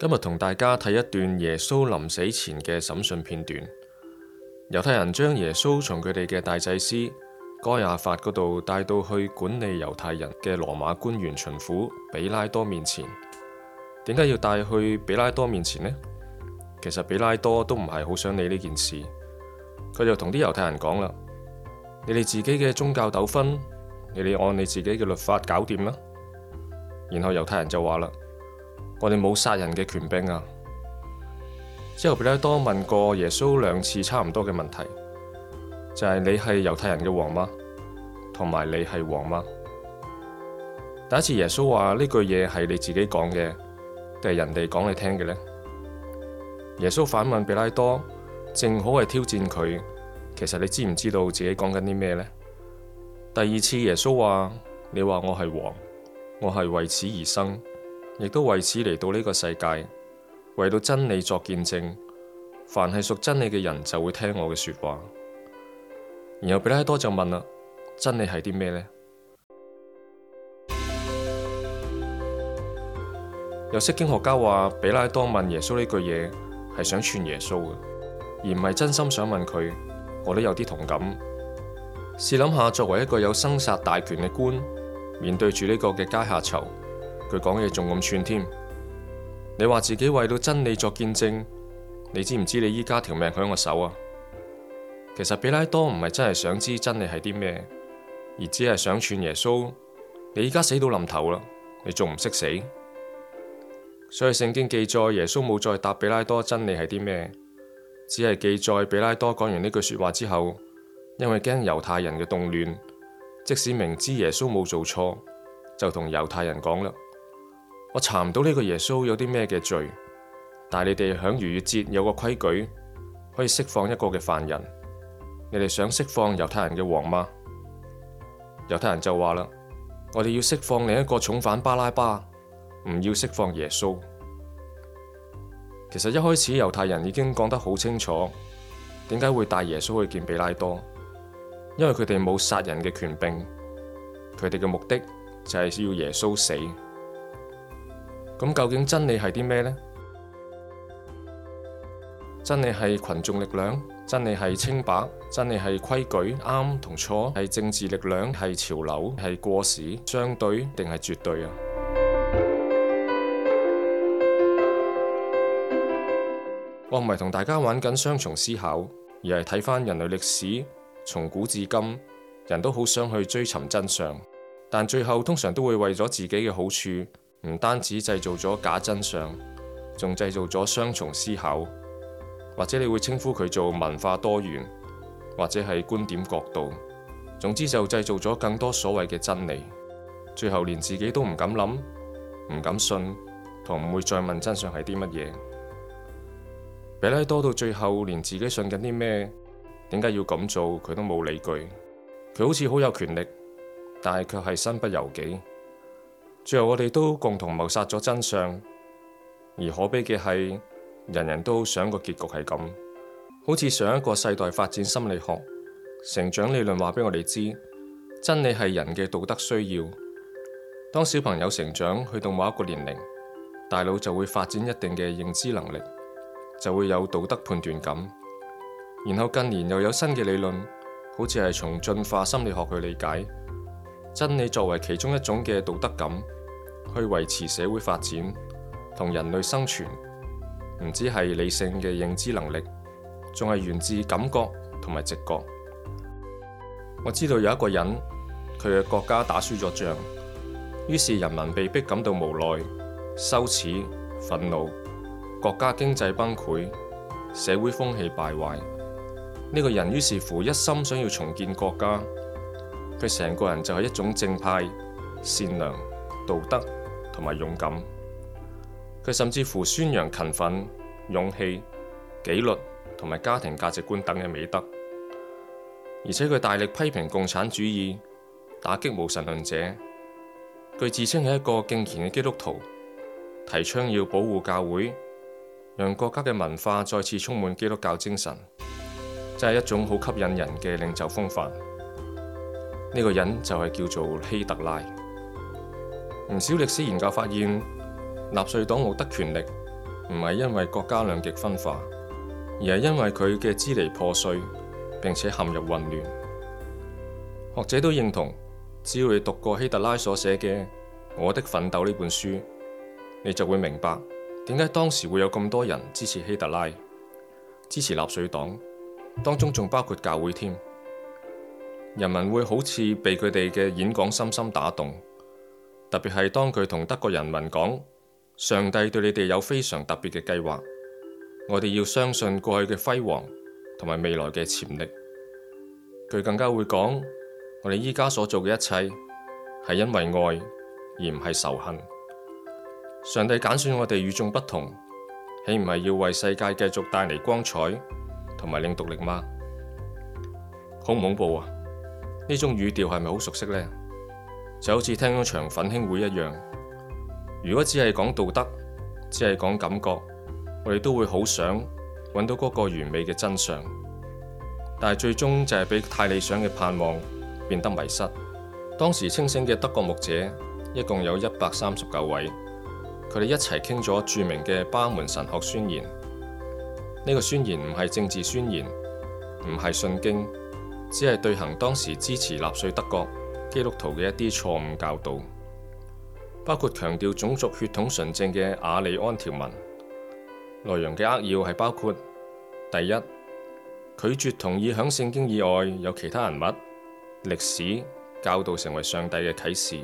今日同大家睇一段耶穌臨死前嘅審訊片段。猶太人將耶穌從佢哋嘅大祭司該亞法嗰度帶到去管理猶太人嘅羅馬官員巡撫比拉多面前。點解要帶去比拉多面前呢？其實比拉多都唔係好想理呢件事，佢就同啲猶太人講啦：你哋自己嘅宗教糾紛，你哋按你自己嘅律法搞掂啦。然後猶太人就話啦。我哋冇殺人嘅權柄啊！之後，彼拉多問過耶穌兩次差唔多嘅問題，就係你係猶太人嘅王嗎？同埋你係王嗎？第一次耶穌話呢句嘢係你自己講嘅，定係人哋講你聽嘅呢？」耶穌反問彼拉多，正好係挑戰佢。其實你知唔知道自己講緊啲咩呢？第二次耶穌話：你話我係王，我係為此而生。亦都為此嚟到呢個世界，為到真理作見證。凡係屬真理嘅人就會聽我嘅説話。然後彼拉多就問啦：真理係啲咩呢？」有些經學家話，彼拉多問耶穌呢句嘢係想串耶穌嘅，而唔係真心想問佢。我都有啲同感。試諗下，作為一個有生殺大權嘅官，面對住呢個嘅階下囚。佢講嘢仲咁串添，你話自己為到真理作見證，你知唔知你而家條命喺我手啊？其實彼拉多唔係真係想知真理係啲咩，而只係想串耶穌。你而家死到臨頭啦，你仲唔識死？所以聖經記載耶穌冇再答彼拉多真理係啲咩，只係記載彼拉多講完呢句說話之後，因為驚猶太人嘅動亂，即使明知耶穌冇做錯，就同猶太人講啦。我查唔到呢個耶穌有啲咩嘅罪，但係你哋響逾越節有個規矩，可以釋放一個嘅犯人。你哋想釋放猶太人嘅王嗎？猶太人就話啦，我哋要釋放另一個重犯巴拉巴，唔要釋放耶穌。其實一開始猶太人已經講得好清楚，點解會帶耶穌去見彼拉多？因為佢哋冇殺人嘅權柄，佢哋嘅目的就係要耶穌死。咁究竟真理係啲咩呢？真理係群眾力量，真理係清白，真理係規矩，啱同錯係政治力量，係潮流，係過時，相對定係絕對啊！ 我唔係同大家玩緊雙重思考，而係睇返人類歷史，從古至今，人都好想去追尋真相，但最後通常都會為咗自己嘅好處。唔單止製造咗假真相，仲製造咗雙重思考，或者你會稱呼佢做文化多元，或者係觀點角度，總之就製造咗更多所謂嘅真理。最後連自己都唔敢諗，唔敢信，同唔會再問真相係啲乜嘢。彼拉多到最後連自己信緊啲咩，點解要咁做，佢都冇理據。佢好似好有權力，但係卻係身不由己。最後我哋都共同謀殺咗真相，而可悲嘅係，人人都想個結局係咁，好似上一個世代發展心理學，成長理論話俾我哋知，真理係人嘅道德需要。當小朋友成長去到某一個年齡，大腦就會發展一定嘅認知能力，就會有道德判斷感。然後近年又有新嘅理論，好似係從進化心理學去理解，真理作為其中一種嘅道德感。去維持社會發展同人類生存，唔止係理性嘅認知能力，仲係源自感覺同埋直覺。我知道有一個人，佢嘅國家打輸咗仗，於是人民被逼感到無奈、羞恥、憤怒，國家經濟崩潰，社會風氣敗壞。呢個人於是乎一心想要重建國家，佢成個人就係一種正派、善良，道德同埋勇敢，佢甚至乎宣揚勤奮、勇氣、紀律同埋家庭價值觀等嘅美德，而且佢大力批評共產主義，打擊無神論者。佢自稱係一個敬虔嘅基督徒，提倡要保護教會，讓國家嘅文化再次充滿基督教精神，真係一種好吸引人嘅領袖風範。呢個人就係叫做希特拉。唔少歷史研究發現，納粹黨獲得權力唔係因為國家兩極分化，而係因為佢嘅支離破碎，並且陷入混亂。學者都認同，只要你讀過希特拉所寫嘅《我的奮鬥》呢本書，你就會明白點解當時會有咁多人支持希特拉，支持納粹黨，當中仲包括教會添。人民會好似被佢哋嘅演講深深打動。特別係當佢同德國人民講，上帝對你哋有非常特別嘅計劃，我哋要相信過去嘅輝煌同埋未來嘅潛力。佢更加會講，我哋而家所做嘅一切係因為愛而唔係仇恨。上帝揀選我哋與眾不同，豈唔係要為世界繼續帶嚟光彩同埋領導力嗎？恐唔恐怖啊？呢種語調係咪好熟悉呢？」就好似聽咗場粉興會一樣，如果只係講道德，只係講感覺，我哋都會好想搵到嗰個完美嘅真相，但係最終就係俾太理想嘅盼望變得迷失。當時清醒嘅德國牧者一共有一百三十九位，佢哋一齊傾咗著名嘅巴門神學宣言。呢、這個宣言唔係政治宣言，唔係信經，只係對行當時支持納粹德國。基督徒嘅一啲錯誤教導，包括強調種族血統純正嘅阿里安條文。內容嘅扼要係包括：第一，拒絕同意響聖經以外有其他人物、歷史、教導成為上帝嘅啟示；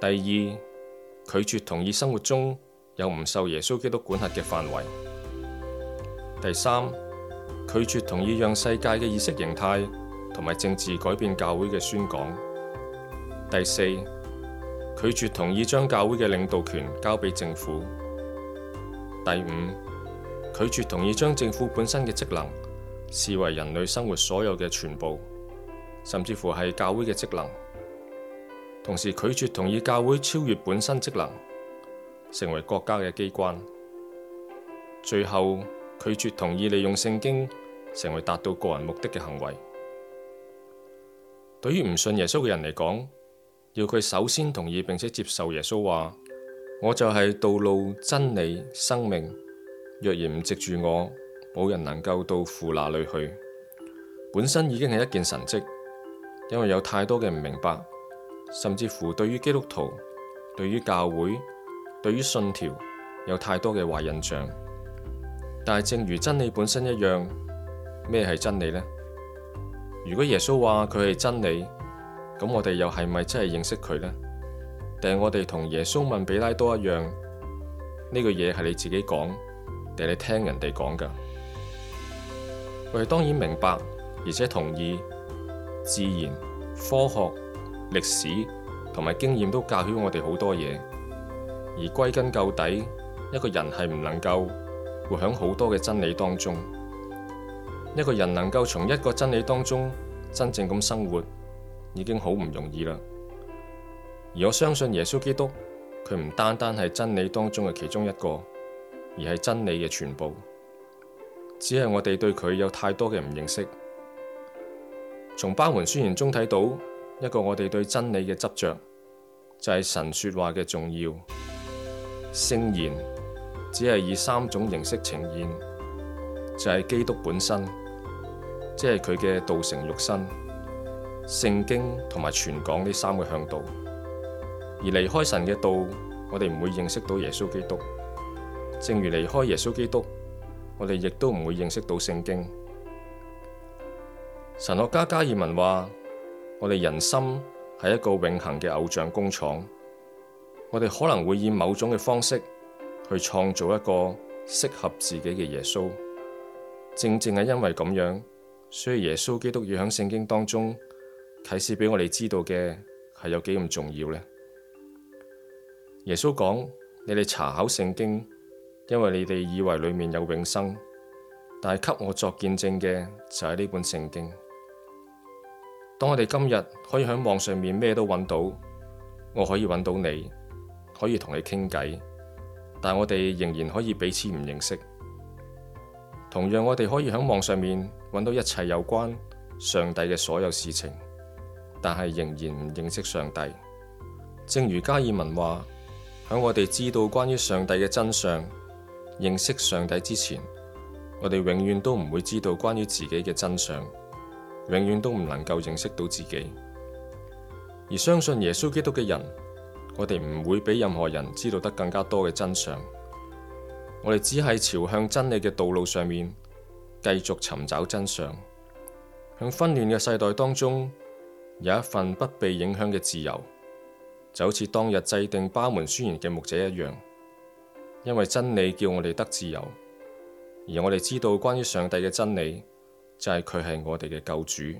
第二，拒絕同意生活中有唔受耶穌基督管轄嘅範圍；第三，拒絕同意讓世界嘅意識形態。同埋政治改變教會嘅宣講。第四，拒絕同意將教會嘅領導權交俾政府。第五，拒絕同意將政府本身嘅職能視為人類生活所有嘅全部，甚至乎係教會嘅職能。同時拒絕同意教會超越本身職能，成為國家嘅機關。最後，拒絕同意利用聖經成為達到個人目的嘅行為。對於唔信耶穌嘅人嚟講，要佢首先同意並且接受耶穌話：我就係道路、真理、生命。若然唔藉住我，冇人能夠到父那裏去。本身已經係一件神蹟，因為有太多嘅唔明白，甚至乎對於基督徒、對於教會、對於信條，有太多嘅壞印象。但正如真理本身一樣，咩係真理呢？如果耶穌話佢係真理，咁我哋又係咪真係認識佢呢？定係我哋同耶穌問彼拉多一樣？呢句嘢，係你自己講，定係你聽人哋講㗎？我哋當然明白，而且同意。自然、科學、歷史同埋經驗都教曉我哋好多嘢，而歸根究底，一個人係唔能夠活響好多嘅真理當中。一個人能夠從一個真理當中真正咁生活，已經好唔容易啦。而我相信耶穌基督，佢唔單單係真理當中嘅其中一個，而係真理嘅全部。只係我哋對佢有太多嘅唔認識。從巴門宣言中睇到一個我哋對真理嘅執着，就係、是、神說話嘅重要。聖言只係以三種形式呈現，就係、是、基督本身。即係佢嘅道成肉身、聖經同埋傳講呢三個向道，而離開神嘅道，我哋唔會認識到耶穌基督。正如離開耶穌基督，我哋亦都唔會認識到聖經。神學家加爾文話：我哋人心係一個永恒嘅偶像工廠，我哋可能會以某種嘅方式去創造一個適合自己嘅耶穌。正正係因為咁樣。所以耶穌基督要喺聖經當中啟示畀我哋知道嘅係有幾咁重要呢？耶穌講：你哋查考聖經，因為你哋以為裏面有永生，但係給我作見證嘅就係、是、呢本聖經。當我哋今日可以喺網上面咩都揾到，我可以揾到你，可以同你傾偈，但我哋仍然可以彼此唔認識。同樣，我哋可以喺網上面。搵到一切有關上帝嘅所有事情，但係仍然唔認識上帝。正如加爾文話：喺我哋知道關於上帝嘅真相、認識上帝之前，我哋永遠都唔會知道關於自己嘅真相，永遠都唔能夠認識到自己。而相信耶穌基督嘅人，我哋唔會比任何人知道得更加多嘅真相。我哋只係朝向真理嘅道路上面。繼續尋找真相，喺紛亂嘅世代當中有一份不被影響嘅自由，就好似當日制定巴門宣言嘅牧者一樣，因為真理叫我哋得自由，而我哋知道關於上帝嘅真理就係佢係我哋嘅救主。